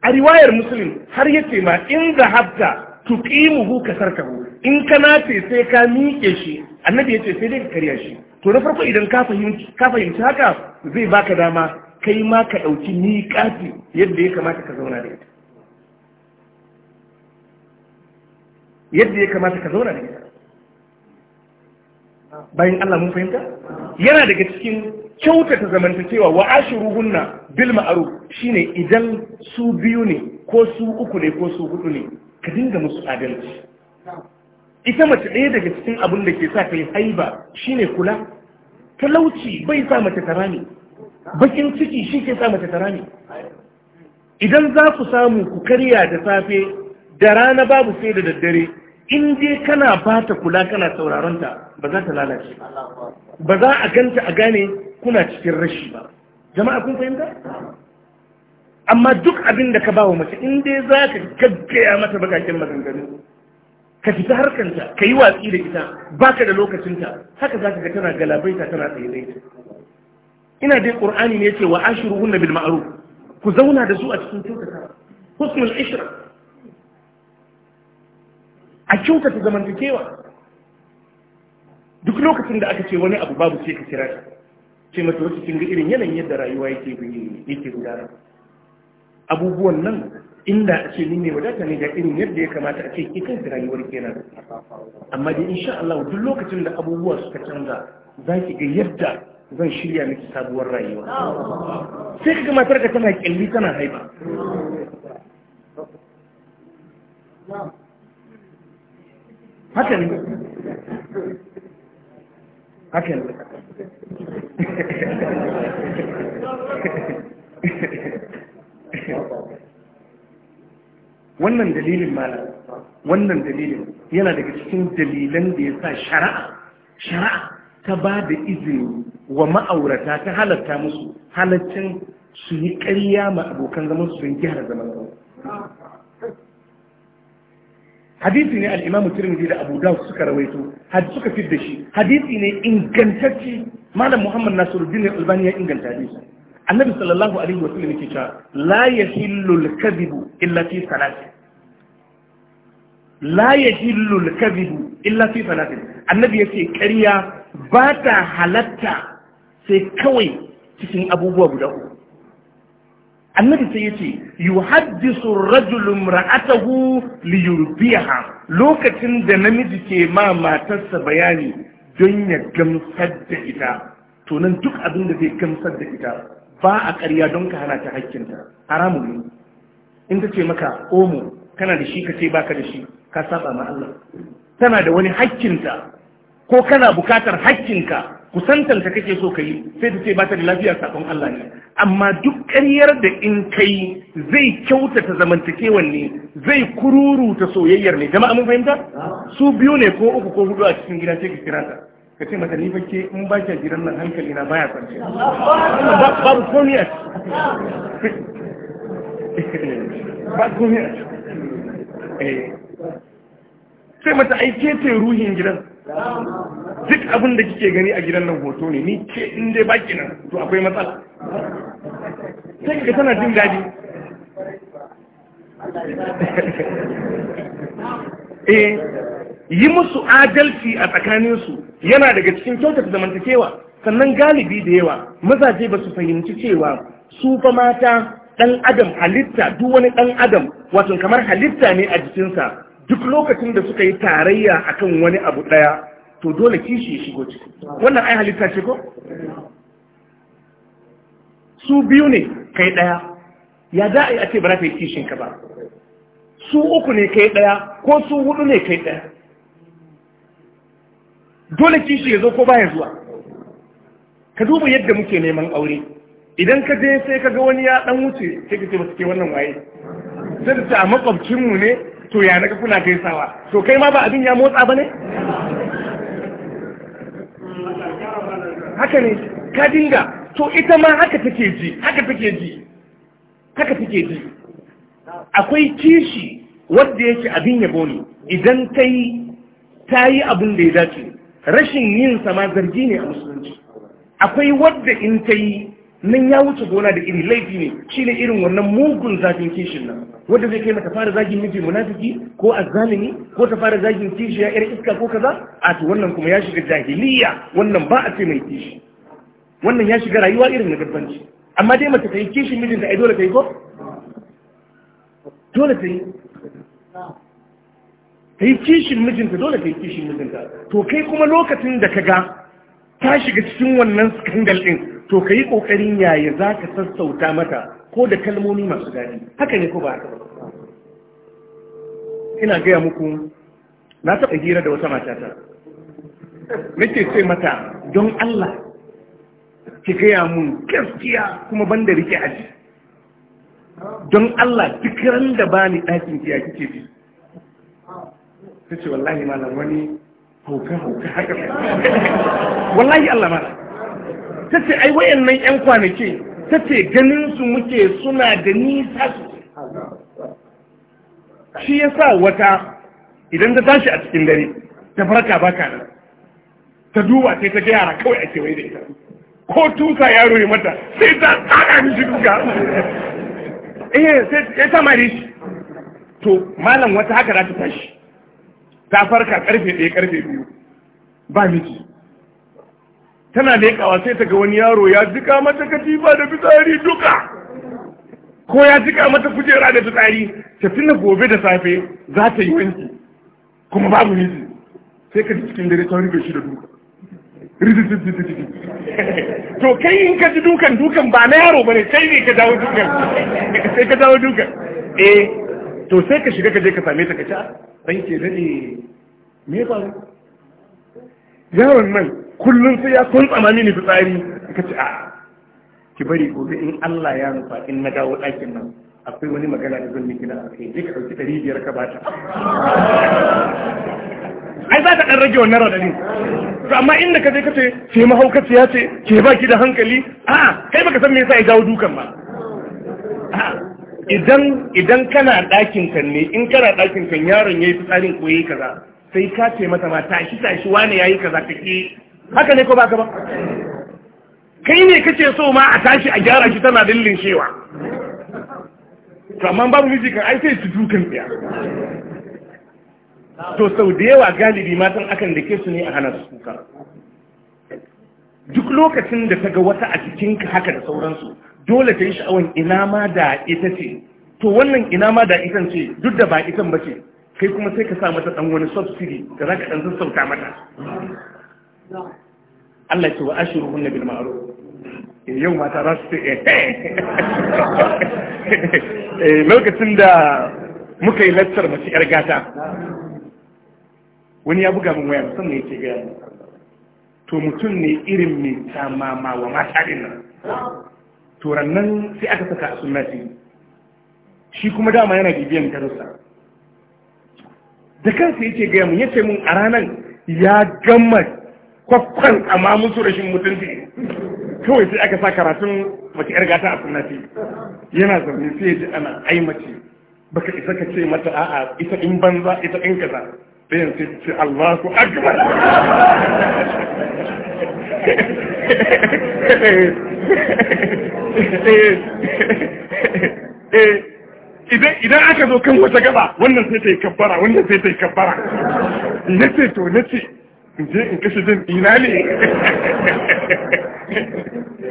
a riwayar muslim har yace ma in da zahabta tuqimuhu kasartahu in kana ce sai ka miƙe shi annabi yace sai dai ka kariya shi to na farko idan ka fahimci ka fahimci haka zai baka dama kai ma ka dauki miƙati yadda ya kamata ka zauna da ita yadda ya kamata ka zauna da ita bayan Allah mun fahimta yana daga cikin kyautata zamantakewa wa hunna bil ma'ruf shine idan su biyu ne ko su uku ne ko su hudu ne ka dinga musu adalci ita mace ɗaya daga cikin abin da ke sa kai haiba shine kula talauci bai sa mace ta bakin ciki shi ke sa mace ta idan za ku samu ku karya da safe da rana babu sai da daddare in dai kana ba ta kula kana sauraron ta ba za ta lalace ba Ba za a ganta a gane kuna cikin rashi ba jama'a kun fahimta amma duk abin da ka ba mace in dai za ka gaggaya mata bakakin maganganu ka fita harkanta ka yi watsi da ita ba ka da lokacinta haka za ka ga tana galabaita tana tsaye ina dai qur'ani ne yace wa ashiruhunna bil ma'ruf ku zauna da su a cikin kyautata husnul ishra a kyautata zamantakewa duk lokacin da aka ce wani abu babu sai ka kira shi ce mata wasu kin ga irin yanayin yadda rayuwa yake yake gudana abubuwan nan inda a ce ni wadata ne ga irin yadda ya kamata a ce ke kan rayuwar kenan amma in insha Allah duk lokacin da abubuwa suka canza za ki ga yadda zan shirya miki sabuwar rayuwa sai ka ga matar ka tana kyalli tana haifa? haka ne haka ne wannan dalilin malam wannan dalilin yana daga cikin dalilan da ya sa shara'a shara'a ta ba da izini wa ma'aurata ta halatta musu halaccin su yi ƙarya ma abokan zaman su sun gyara zaman hadisi ne al'imamu tirmidhi da abu dawud suka rawaito had suka fidda shi hadisi ne ingantacce malam muhammad nasiruddin albani ya inganta hadisi annabi sallallahu alaihi wasallam yake cewa la yahillu al-kadhibu illa fi salati la yahillu al-kadhibu illa fi salati annabi yace ƙarya ba ta halatta sai kawai cikin abubuwa guda uku annabi sai yace yuhaddisu rajulu imra'atahu liyurbiha lokacin da namiji ke ma matarsa bayani don ya gamsar da ita to nan duk abin da zai gamsar da ita ba a ƙarya don ka hana ta hakkinta haramun ne in ta ce maka omo kana da shi ka ce baka da shi ka saba ma Allah tana da wani hakkinta ko kana bukatar hakkinka kusantanta kake so ka yi sai ta ce ba ta da lafiya sakon Allah ne amma duk ƙaryar da in kai zai kyautata zamantakewan ne zai kururuta soyayyar ne jama'a mun fahimta su biyu ne ko uku ko hudu a cikin gida ce ka kira ta ka ce mata ni ke in ba ki gidan nan hankali na baya kwance babu komai a babu komai a eh. sai mata aike ce ruhin gidan duk abin da kike gani a gidan nan hoto ne ni ce in dai baki nan to akwai matsala sai ka tana jin daɗi [LAUGHS] eh yi musu adalci a tsakanin su yana daga cikin kyautata zamantakewa sannan galibi da yawa mazaje ba su fahimci cewa su fa mata ɗan adam halitta duk wani ɗan adam wato kamar halitta ne a jikinsa duk lokacin da suka yi tarayya akan wani abu ɗaya to dole kishi ya shigo ciki wannan ai halitta ce ko su biyu ne kai ɗaya ya za a yi a ce ba za ka yi ka ba su uku ne kai ɗaya ko su hudu ne kai ɗaya dole kishi ya zo ko baya zuwa ka duba yadda muke neman aure idan ka je sai ka ga wani ya dan wuce sai ka ce ba su ke wannan waye sai ta ce a makwabcinmu ne to ya naga kuna gaisawa to kai ma ba abin ya motsa ba ne haka ne ka dinga to ita ma haka take ji haka take ji haka take ji akwai kishi wanda yake abin yabo ne idan kai ta yi abin da ya dace rashin yin sama zargi ne a musulunci akwai wadda in ta nan ya wuce gona da iri laifi ne shi ne irin wannan mugun zafin kishin nan wanda zai kai mata fara zagin miji munafiki ko azzalimi ko ta fara zagin kishi ya irin iska ko kaza a to wannan kuma ya shiga jahiliya wannan ba a ce mai kishi wannan ya shiga rayuwa irin na garbanci amma dai mace ta yi kishin mijinta ai dole ta yi ko dole ta yi ta yi kishin mijinta dole ta yi kishin mijinta to kai kuma lokacin da ka ga ta shiga cikin wannan skandal ɗin to ka yi ƙoƙarin yaya za ka sassauta mata ko da kalmomi masu daɗi haka ne ko ba haka ina gaya muku na taɓa hira da wata matata nake ce mata don Allah ki gaya mun gaskiya kuma ban da rike aji don Allah duk ran da ba ni ɗakin kiya kike bi ta ce wallahi malam wani hauka hauka haka [LAUGHS] wallahi Allah malam ta ce ai nan yan kwanaki ta ce ganin su muke suna da nisa shi ya sa wata idan ta tashi a cikin dare ta farka baka nan ta duba sai ta ga yara kawai a kewaye da ita ko tusa yaro ya mata sai ta tsara shi duka eh sai ya samare shi to malam wata haka za ta tashi ta farka karfe ɗaya karfe biyu ba miji tana leƙawa sai ta ga wani yaro ya jika mata katifa da fitsari duka ko ya jika mata kujera da fitsari ta tuna gobe da safe za ta yi wanki kuma babu miji sai ka ji cikin dare ta rufe shi da duka to kai in ka ji dukan dukan ba na yaro ba ne, sai ne ka dawo dukan sai ka dawo dukan eh to sai ka shiga ka je ka same ta ka ci ke dade me faru yaron nan kullum sai ya kunsa ne su fitsari ka ce a ki bari gobe in Allah ya nufa in na dawo ɗakin nan akwai wani magana da zan miki na ake, je ka ɗauki ɗari biyar ka bata [LAUGHS] ai za ka ɗan rage wannan raɗaɗi. to amma inda ka je ka ce ke mahaukaci ya ce ke ba ki da hankali a'a kai baka san me yasa ya jawo dukan ba idan idan kana ɗakin kan ne in kana ɗakin kan yaron yayi fitsarin ko yayi kaza sai ka ce mata ma tashi tashi wane yayi kaza kake haka ne ko ba ka ba kai ne kace so ma a tashi a gyara shi tana dillin shewa amma babu miji kan ai sai su dukan biya to sau da yawa galibi matan akan da su ne a hana su kuka duk lokacin da ta ga wata a ka haka da sauransu dole ta yi sha'awan ina ma da ita ce to wannan ina ma da ita ce duk da ba ita ba ce kai kuma sai ka sa mata dan wani subsidy da za ka dan sassauta mata Allah ce wa ashiruhun bil ma'ruf eh, yau mata za su ce eh, eh, lokacin da muka yi lattar mace yar gata wani ya buga min waya musamman ce ga to mutum ne irin mai tamama wa mata din nan turan nan sai aka saka a sunnati shi kuma dama yana bibiyan darussa da kansa yake gaya mun yace mun a ranar ya gama kwakwan amma musu rashin mutunci kawai sai aka sa karatun mace yar gata a sunnati yana zaune sai ya ji ana ai mace baka isa ka ce mata a'a ita in banza ita in kaza sai yanzu ce Allahu akbar idan aka zo kan wata gaba wannan sai ta yi kabbara wannan sai ta yi kabbara na ce to na ce je in kashe jin ina ne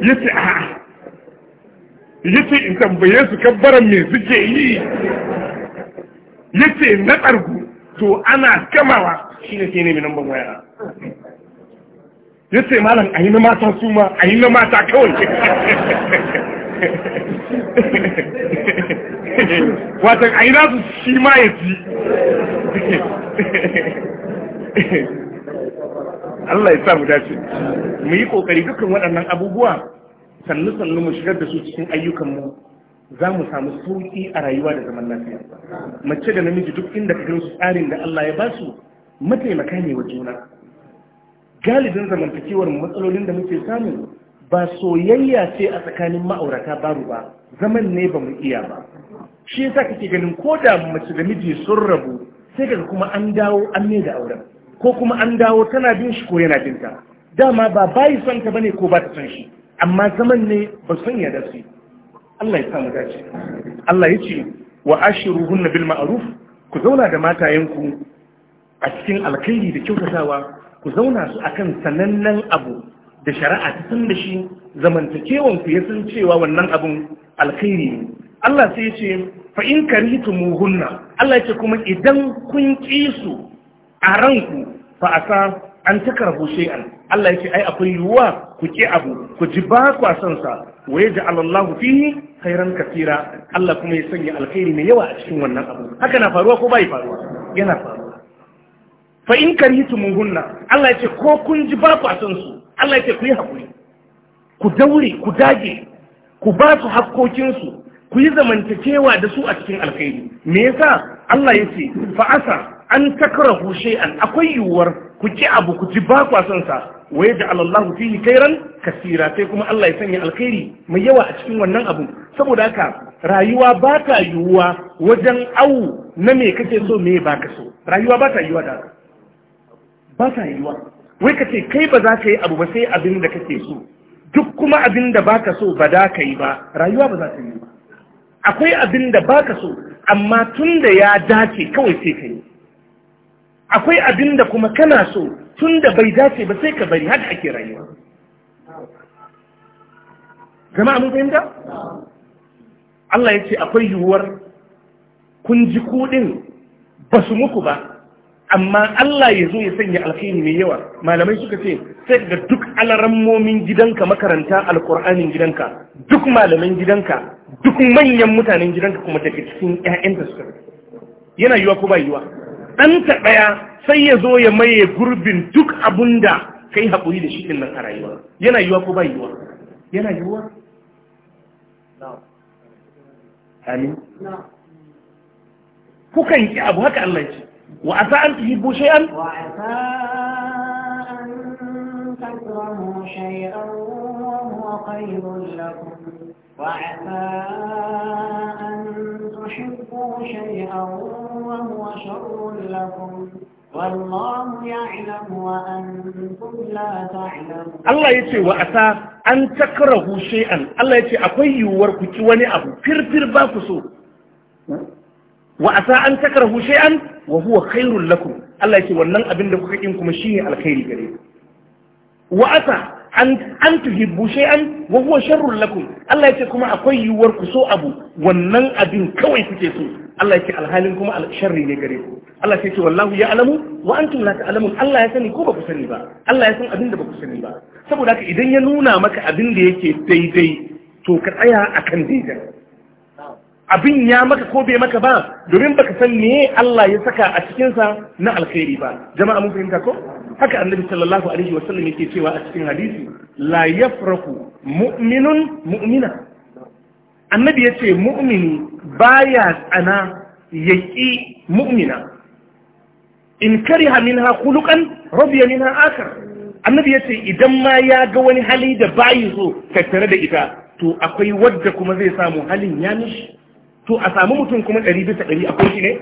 ya ce a ya ce in tambaye su kabbaran me suke yi ya ce na tsargu to ana kamawa shi ne ke nemi namban waya ya ce malam a yi na mata su ma a yi na mata kawai watan a yi nasu shi ma ya ci Allah ya sa mu dace mu yi kokari dukkan waɗannan abubuwa sannu sannu mu shigar da su cikin ayyukan mu za mu samu sauki a rayuwa da zaman lafiya mace da namiji duk inda ka su tsarin da Allah ya basu su mataimaka ne wa juna galibin zamantakewar matsalolin da muke samu ba soyayya ce a tsakanin ma'aurata babu ba zaman ne ba mu iya ba shi yasa kake ganin ko da mace da miji sun rabu sai kaga kuma an dawo an ne da auren ko kuma an dawo tana bin shi ko yana bin ta dama ba bayi son ta bane ko ba ta son shi amma zaman ne ba san ya da su Allah ya sa mu dace Allah ya ce wa ashiruhun bil ma'ruf ku zauna da matayenku a cikin alkhairi da kyautatawa ku zauna su akan sanannen abu da shari'a ta san da shi zamantakewan ku ya san cewa wannan abun alkhairi ne Allah sai ya ce fa in karitumuhunna hunna Allah ya ce kuma idan kun ki su a ranku fa sa an takarhu shay'an Allah yake ai akwai ruwa ku ki abu ku ji ba ku san sa wa yaj'al Allahu fihi khairan katira Allah kuma ya sanya alkhairi mai yawa a cikin wannan abu haka na faruwa ko bai faruwa yana faruwa fa in karihtumuhunna Allah yake ko kun ji ba ku san su Allah yake ku yi hakuri ku daure ku dage ku ba su hakkokin su ku yi zamantakewa da su a cikin alkhairi me yasa Allah yake fa asa an takara hushe an akwai yiwuwar ku ki abu ku ci ba son sa waye da Allahu fihi kairan kasira sai kuma Allah ya sanya alkhairi mai yawa a cikin wannan abu saboda haka rayuwa ba ta yiwuwa wajen au na me kake so me ba ka so rayuwa ba ta yiwuwa da ba ta yiwuwa wai ka ce kai ba za ka yi abu ba sai abin da kake so duk kuma abin da ba ka so ba da ka yi ba rayuwa ba za ta yi ba akwai abin da ba ka so amma tun da ya dace kawai sai ka yi akwai abin da kuma kana so tun da bai dace ba sai ka bari haka ake rayuwa jama'a mun fahimta Allah ya ce akwai yiwuwar kun ji kuɗin ba su muku ba amma Allah ya zo ya sanya alkhairi mai yawa malamai suka ce sai ga duk alarammomin gidanka makaranta alkur'anin gidanka duk malaman gidanka duk manyan mutanen gidanka kuma daga cikin 'ya'yanta suka yana yiwa ko ba yiwa ɗanta ɗaya sai ya zo ya maye gurbin duk abun da kai haƙuri da shi ɗin nan a rayuwa yana yiwuwa, ko ba yiwuwa? yana yiwuwa? amin kukan ki abu haka Allah ce wa asa an tuhibbu an? wa asa an takrahu shay'an wa yi khayrun lakum وعسى أن تحبوا شيئا وهو شر لكم والله يعلم وأنتم لا تعلمون الله يتي وعسى أن تكرهوا شيئا الله يتي أقوي وركت ونأه فرفر باكسو وعسى أن تكرهوا شيئا وهو خير لكم الله يتي ونن أبن لكم شيء الخير جريب وعسى an tuhibbu shi wa huwa sharrun lakum Allah ya ce kuma akwai yiwuwar ku so abu wannan abin kawai kuke so Allah ya ce alhalin kuma sharri ne gare ku Allah ya ce wallahu ya alamu wa antum la ta'lamun Allah ya sani ko ba sani ba Allah ya san abin da ba ku sani ba saboda haka idan ya nuna maka abin da yake daidai to ka tsaya akan daidai abin ya maka ko bai maka ba domin baka san me Allah ya saka a cikinsa na alkhairi ba jama'a mun fahimta ko haka annabi sallallahu alaihi wa sallam yake cewa a cikin hadisi la yafraku mu'minun mu'mina annabi yace mu'mini baya tsana yaki mu'mina in kariha minha khuluqan radiya minha akar annabi yace idan ma ya ga wani hali da bayi so tattare da ita to akwai wadda kuma zai samu halin ya mishi to a samu mutum kuma ɗari bisa ɗari akwai shi ne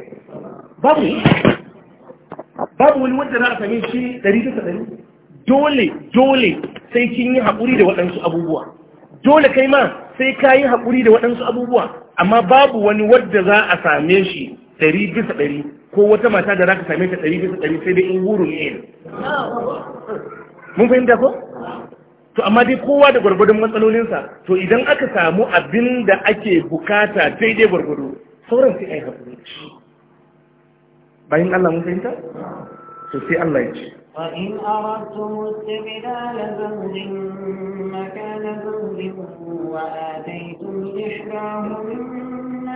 babu babu wani wanda za a same shi ɗari bisa ɗari dole dole sai kin yi haƙuri da waɗansu abubuwa dole kai ma sai ka yi haƙuri da waɗansu abubuwa amma babu wani wadda za a same shi ɗari bisa ɗari ko wata mata da za ka same ta ɗari bisa ɗari sai dai in wurun ne mun fahimta ko to amma dai kowa da gwargwadon matsalolinsa to idan aka samu abin da ake bukata daidai gwargwado sauran sai a yi haƙuri bayan Allah mun fahimta to sai Allah ya ce in aradtum istibdal zawjin makan zawjikum wa ataytum ihdahunna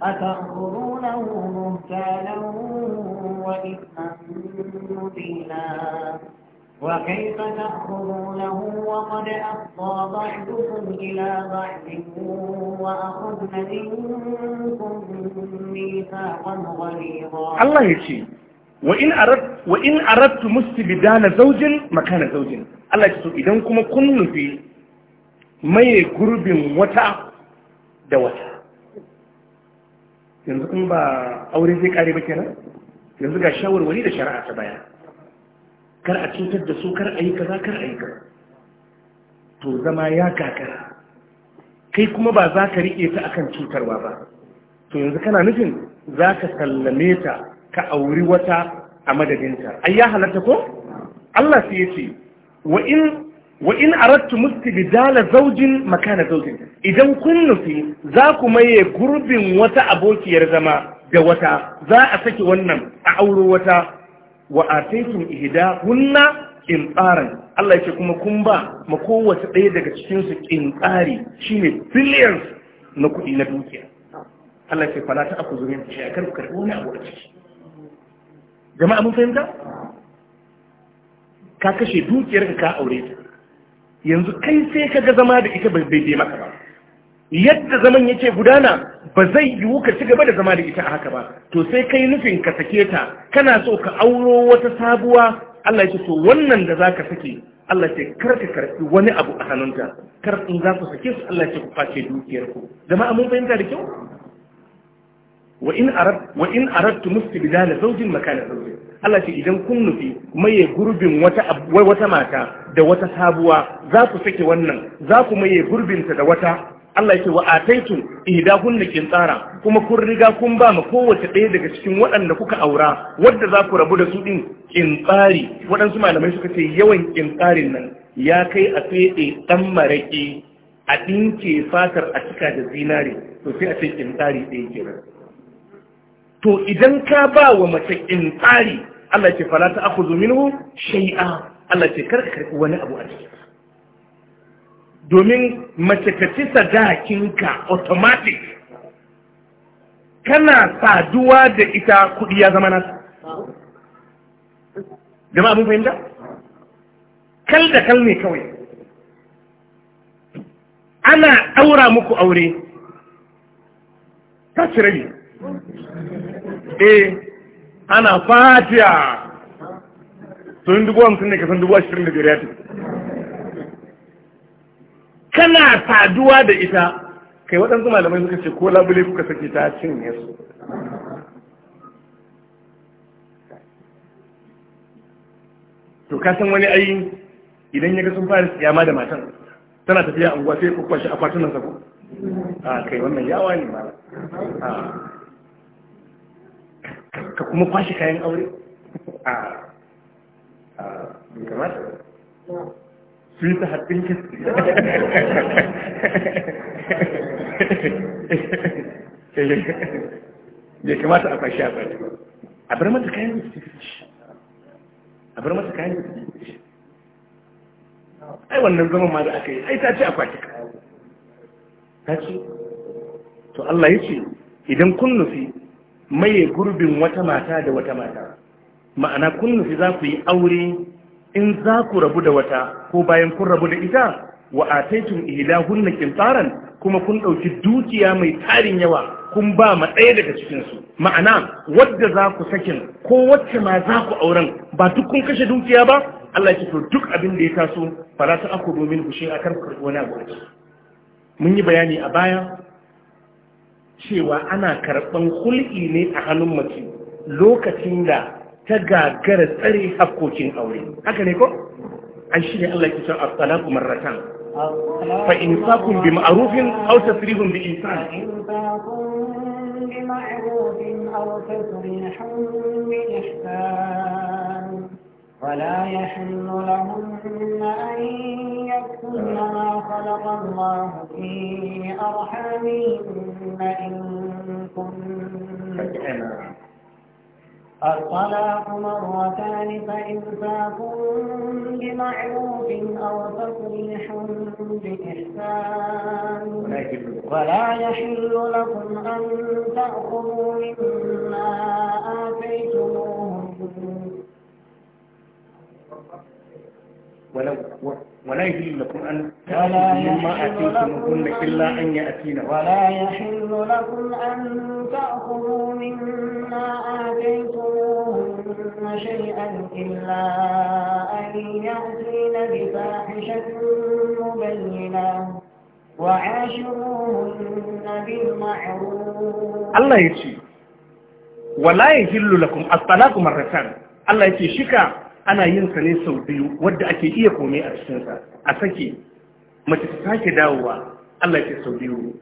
أتأخذونه مهتالا وإثما مبينا وكيف تأخذونه وقد أفضى بعضكم إلى بعض وأخذن منكم ميثاقا غليظا الله يشي وإن أردت وإن أردت مستبدال زوج مكان زوج الله يشي إذا كما كن في mai gurbin wata da wata yanzu in ba aure zai kare ba kenan yanzu ga shawarwari da shari'a ta baya kar a cutar da su kar a yi kaza kar a yi kaza to zama ya kakara kai kuma ba za ka riƙe ta akan cutarwa ba to yanzu kana nufin za ka sallame ta ka auri wata a madadinta ai ya halatta ko Allah sai yace wa in wa in aradtu mustibdala zawjin makana zawjin idan kun nufi za ku maye gurbin wata abokiyar zama da wata za a saki wannan a auro wata wa ataytum ihdahunna qintaran Allah yake kuma kun ba ma kowace ɗaya daga cikin su shi shine billions na kuɗi na dukiya Allah yake fala ta aku zumin ya kar ku karbi wani abu a ciki jama'a mun fahimta ka kashe dukiyar ka aure ta yanzu kai sai ka ga zama da ita bai bai maka ba yadda zaman yake gudana ba zai yiwu ka ci gaba da zama da ita a haka ba to sai kai nufin ka sake ta kana so ka auro wata sabuwa Allah ya ce to wannan da zaka sake Allah ce kar ka karbi wani abu a hannunta kar in za ku sake su Allah ce ku face dukiyar ku jama'a mun fahimta da kyau wa in arad wa in aradtu mustabdala zawjin makana zawjin Allah ce idan kun nufi maye gurbin wata wata mata da wata sabuwa za ku sake wannan za ku maye gurbinta da wata Allah ya ce wa ataitu ihdahunna tsara, kuma kun riga kun ba ma kowace ɗaya daga cikin waɗanda kuka aura wadda za ku rabu da su din tsari. waɗansu malamai suka ce yawan tsarin nan ya kai a fede ɗan maraki a dinke fatar a cika da zinare to sai a ce tsari ɗaya kenan to idan ka ba wa mace tsari, Allah ya ce fala ta akhudhu minhu shay'a Allah ya ce karka karɓi wani abu a cikin domin mace ka ci sadakinka automatic kana saduwa da ita kuɗi ya zama nasa jama'a abin fahimta kal da kal ne kawai ana ɗaura muku aure ta cire rabi eh ana fatiya sun yin dubu hamsin ne ka san dubu ashirin da biyar ya tafi kana saduwa da ita kai waɗansu malamai suka ce ko labule kuka sake ta cin su to ka san wani ayi idan ya ga sun fara siyama da matan tana tafiya a unguwa sai a kwatin nan sako a kai wannan yawa ne malam ka kuma kwashi kayan aure a kamata su yi ta haɗin ya kamata a kwashi a bari a bar mata kayan da suke shi a bar mata kayan da suke shi ai wannan zaman ma da aka yi ai ta ce a kwashi ta ce to Allah ya ce idan kun nufi maye gurbin wata mata da wata mata ma'ana kun nufi za ku yi aure in za ku rabu da wata ko bayan kun rabu da ita wa ilahun na qintaran kuma kun ɗauki dukiya mai tarin yawa kun ba ma ɗaya daga cikin su ma'ana wadda za ku sakin ko wacce ma za ku auren ba duk kun kashe dukiya ba Allah ya to duk abin da ya taso fara ta aku domin ku shi akan karɓi wani abu mun yi bayani a baya cewa ana karɓan hulɗi ne a hannun mace lokacin da تجاكر تري حكوتين أولي أكنيكو عن شيء الله يسأل الطلاق مرتان فإنصاف بمعروف أو تسريح بإنسان ولا يحل لهم أن يكتن ما خلق الله في أرحمهم إن كنت الطلاق مرتان فإمساك بمعروف أو تصريح بإحسان ولا يحل لكم أن تأخذوا مما آتيتموهن ولو ولا يحل لكم أن تأخذوا مما آتيتموهن إلا أن يأتينا ولا يحل لكم أن تأخذوا مما آتيتموهن شيئا إلا أن يأتين بفاحشة مبينة وعاشروهن بالمعروف الله يشي ولا يحل لكم الطلاق مرتان الله يشي شكا ana yin sa ne sau biyu wadda ake iya kome a cikinsa a sake mace ta sake dawowa Allah ya ce sau biyu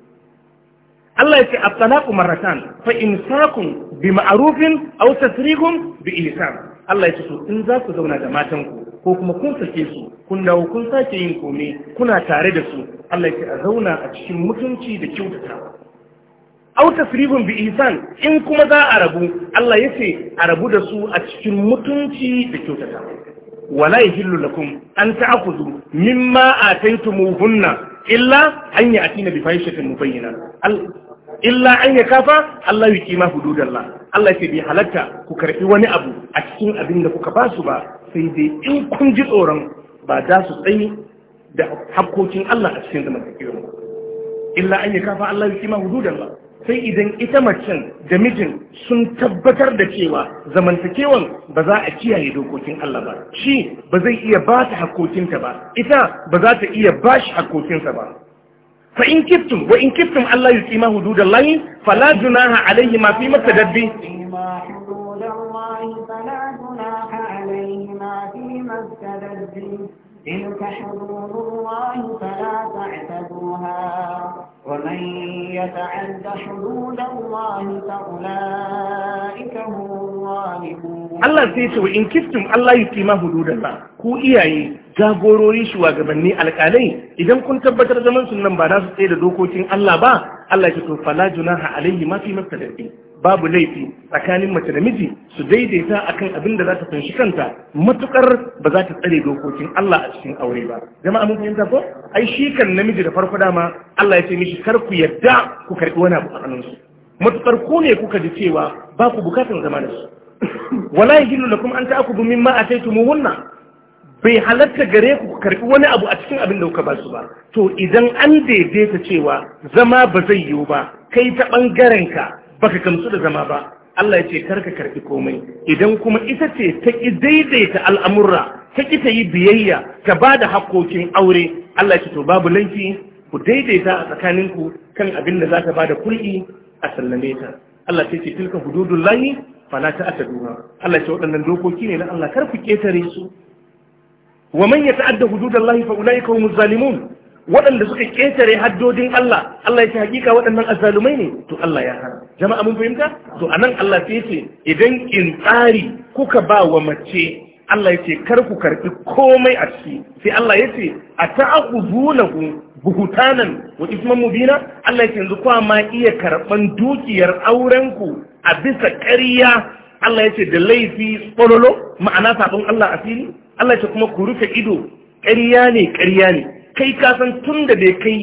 Allah ya ce at-talaqu marratan fa imsakun bi ma'arufin aw tasrihum bi ihsan Allah ya ce in za ku zauna da matan ku ko kuma kun sake su kun dawo kun sake yin kome kuna tare da su Allah ya ce a zauna a cikin mutunci da kyautatawa au tasrifun bi ihsan in kuma za a rabu Allah yace a rabu da su a cikin mutunci da kyautata wala yahillu lakum an ta'khudhu mimma ataytumuhunna illa an ya'tina bi fahishatin mubayyina illa an kafa Allah yuki ma hududallah Allah yace bi halatta ku karbi wani abu a cikin abin da kuka basu ba sai dai in kun ji tsoron ba da su tsayi da hakkokin Allah a cikin zamantakewa illa an kafa Allah yuki ma hududallah sai idan ita macen da mijin sun tabbatar da cewa zamantakewan ba za a kiyaye dokokin Allah ba shi ba zai iya ba ta hakokinta ba ita ba za ta iya ba shi hakokinsa ba fa in kiftum wa in kiftum Allah yuqima hududallahi fala junaha alayhi ma fi maktadabbi تلك حدود الله فلا تعتدوها ومن يتعد حدود الله فأولئك هم الظالمون in سيسو إن كفتم الله يتيما حدود الله ku iyaye jagorori shugabanni alƙalai idan kun tabbatar zaman sunan ba na su tsaye da dokokin Allah ba Allah ya to fala junaha alaihi ma fi mafsadin babu laifi tsakanin mace da miji su daidaita akan abin da za ta sanshi kanta matukar ba za ta tsare dokokin Allah a cikin aure ba jama'a mun fahimta ko ai shi kan namiji da farko dama Allah ya ce mishi kar ku yadda ku karbi wani abu a su matukar ku ne kuka ji cewa ba ku bukatun zama da su wala yahillu lakum an ta'khudhu mimma wunna? bai halarta gare ku karbi wani abu a cikin abin da kuka ba su ba to idan an daidaita cewa zama ba zai yiwu ba kai ta bangaren ka baka gamsu da zama ba Allah ya ce karka karbi komai idan kuma ita ce ta ki daidaita al'amurra ta ki ta yi biyayya ta ba da hakkokin aure Allah ya ce to babu laifi ku daidaita a tsakaninku kan abin da za ta ba da kul'i a sallame ta Allah ce ce tilka hududun layi fala ta ataduha Allah ce waɗannan dokoki ne na Allah kar ku ketare su wa man yata'adda hududallahi fa ulaika humuz zalimun waɗanda suka ƙetare haddodin Allah Allah ya ce hakika waɗannan azzalumai ne to Allah ya hana jama'a mun fahimta to anan Allah sai ce idan in tsari kuka ba wa mace Allah ya ce kar ku karɓi komai a ciki sai Allah ya ce a ta'a-ku-zu-na-ku buhutanan wa isman mubina Allah ya ce yanzu kwa ma iya karɓan dukiyar aurenku a bisa ƙarya Allah ya ce da laifi tsololo ma'ana sabon Allah asiri Allah ya ce kuma ku rufe ido ƙarya ne ƙarya ne kai kasan tun da bai kai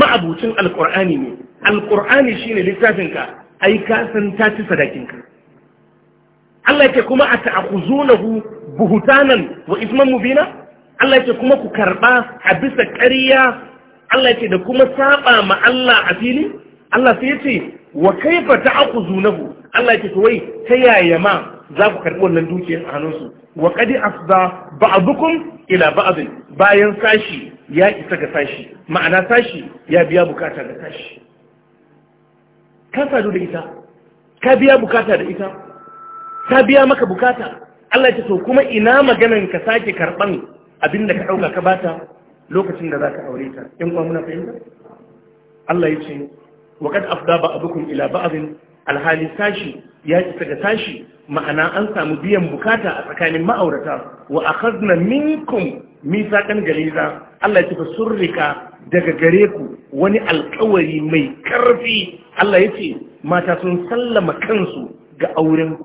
ma'abucin alkur'ani ne alkur'ani shi ne littafinka ai kasan ta ci sadakinka Allah ke kuma a ta'akuzunahu buhutanan wa isman mubina Allah ke kuma ku karɓa a bisa ƙarya Allah ke da kuma saba ma Allah a fili Allah sai yace wa kaifa ta'akuzunahu Allah ke to wai ta yaya ma za ku karɓi wannan dukiyar a hannunsu wa kadi asda ba'dukum ila ba'd bayan sashi ya isa ga sashi ma'ana sashi ya biya bukata da sashi ka sadu da ita ka biya bukata da ita ta biya maka bukata Allah ya so kuma ina maganan ka sake karban abin da ka dauka ka bata lokacin da zaka aure ta in kuma muna fahimta Allah ya ce wa kad afda ba'dukum ila ba'din alhali sashi ya isa ga sashi ma'ana an samu biyan bukata a tsakanin ma'aurata wa akhadna minkum misakan galiza Allah ya ce surrika daga gare ku wani alkawari mai karfi Allah ya ce mata sun sallama kansu ga auren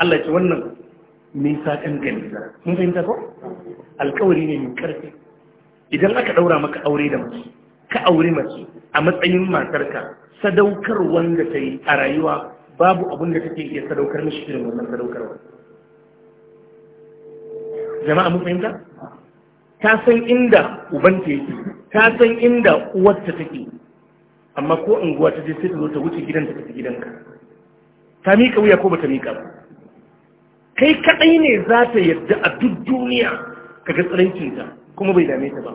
Allah ya ce wannan misakan galiza mun fahimta ko alkawari ne mai karfi idan aka daura maka aure da mace ka aure mace a matsayin matarka sadaukar wanda ta yi a rayuwa babu abin da take iya sadaukar mishi irin wannan sadaukarwa jama'a mun fahimta ta san inda ubanta yake ta san inda uwarta take amma ko unguwa ta je sai ta zo ta wuce gidan ta tafi gidanka ta miƙa wuya ko bata miƙa ba kai kaɗai ne za ta yarda a duk duniya ka ga tsiraicinta kuma bai dame ta ba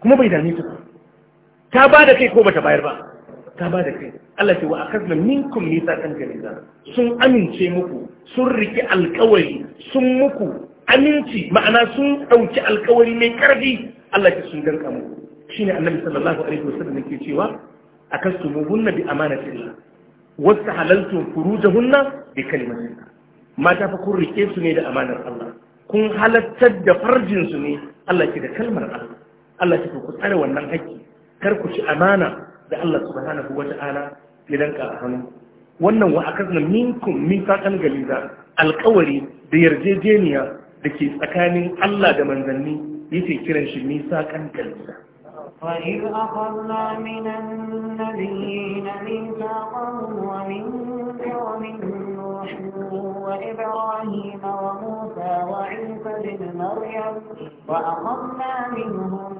kuma bai dame ta ba ta ba da kai ko bata bayar ba ta ba da kai Allah ce wa akazna minkum nisa kan galiza sun amince muku sun riki alkawari sun muku aminci ma'ana sun ɗauki alkawari mai ƙarfi Allah ke sun danka mu shine annabi sallallahu alaihi wasallam yake cewa akastumuhunna bi amanatillah wasu halaltun furujahunna bi kalimatillah mata fa kun rike su ne da amanar Allah kun halattar da farjin su ne Allah ke da kalmar Allah Allah ke ku tsare wannan haƙƙi kar ku ci amana da Allah subhanahu wata'ala ya danka a hannu wannan wa akasna minkum min faqan galiza alƙawari da yarjejeniya da ke tsakanin Allah da manzanni yake kiran shi nisa kankansa وإذ أخذنا من النبيين ميثاقهم ومنك ومن نوح وإبراهيم وموسى وعيسى بن مريم وأخذنا منهم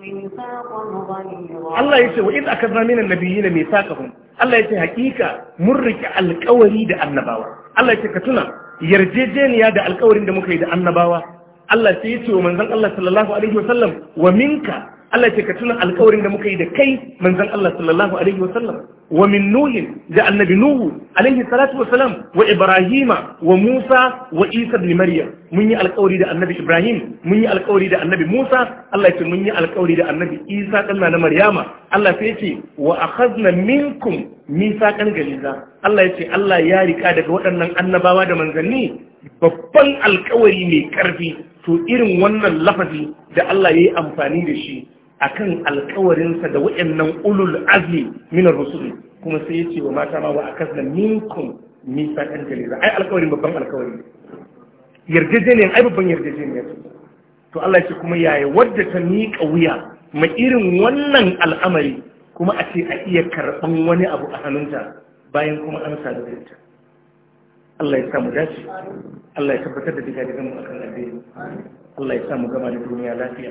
ميثاقا غليظا الله يسوى وإذ أخذنا من النبيين ميثاقهم الله ya حقيقة مرك mun ده alkawari الله annabawa كتنا yarjejeniya da alkawarin da muka yi da annabawa Allah sai ya ce wa manzon Allah sallallahu alaihi wasallam wa minka Allah ce ka tuna alkawarin da muka yi da kai manzon Allah sallallahu alaihi wa sallam wa min nuhin da annabi nuhu alaihi salatu wa salam wa ibrahima wa musa wa isa ibn maryam mun yi alkawari da annabi ibrahim mun yi alkawari da annabi musa Allah ce mun yi alkawari da annabi isa dan na maryama Allah sai ce wa akhadna minkum mithaqan galiza Allah ya ce Allah ya rika daga waɗannan annabawa da manzanni babban alkawari mai karfi to irin wannan lafazi da Allah ya yi amfani da shi akan alkawarinsa da waɗannan ulul azmi min ar-rusul kuma sai yace wa mata ma wa akasna minkum mithaqan jaliza ai alkawarin babban alkawari yarjejeniyar ai babban yarjejeniyar to Allah ya ce kuma yaya wadda ta miƙa wuya ma irin wannan al'amari kuma a ce a iya karɓan wani abu a hannunta bayan kuma an sadu da ita Allah ya samu dace Allah ya tabbatar da digadigan mu akan addini Allah ya samu gama da duniya lafiya